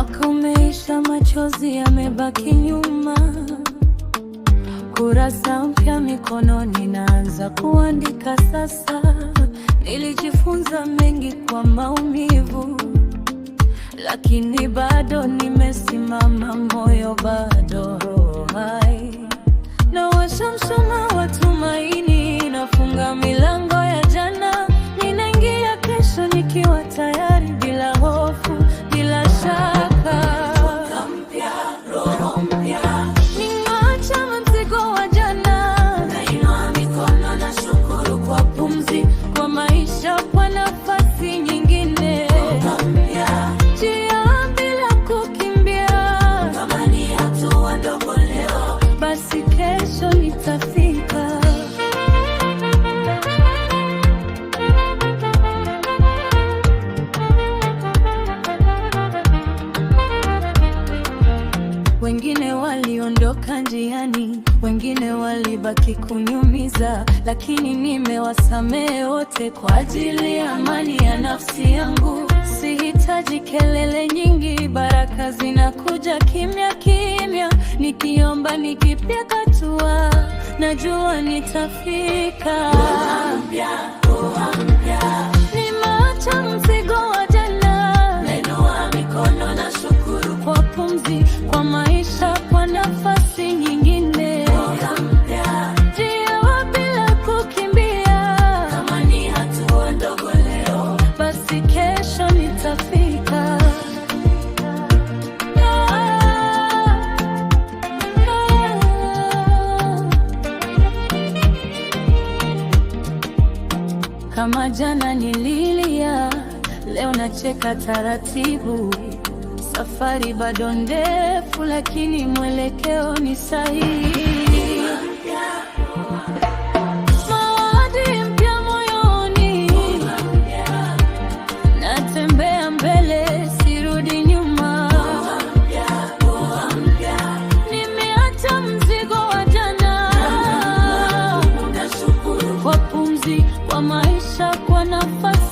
Mwaka umeisha, machozi yamebaki nyuma, kurasa mpya mikononi, naanza kuandika sasa. Nilijifunza mengi kwa maumivu, lakini bado nimesimama, moyo bado kuondoka njiani, wengine walibaki kuniumiza, lakini nimewasamehe wote kwa ajili ya amani ya nafsi yangu. Sihitaji kelele nyingi, baraka zinakuja kimya kimya, nikiomba nikipiga hatua, najua nitafika. nimeacha mzigo wa kwa pumzi, kwa maisha Kama jana nililia, leo nacheka taratibu. Safari bado ndefu, lakini mwelekeo ni sahihi. Mawadi mpya moyoni, natembea mbele kwa nafasi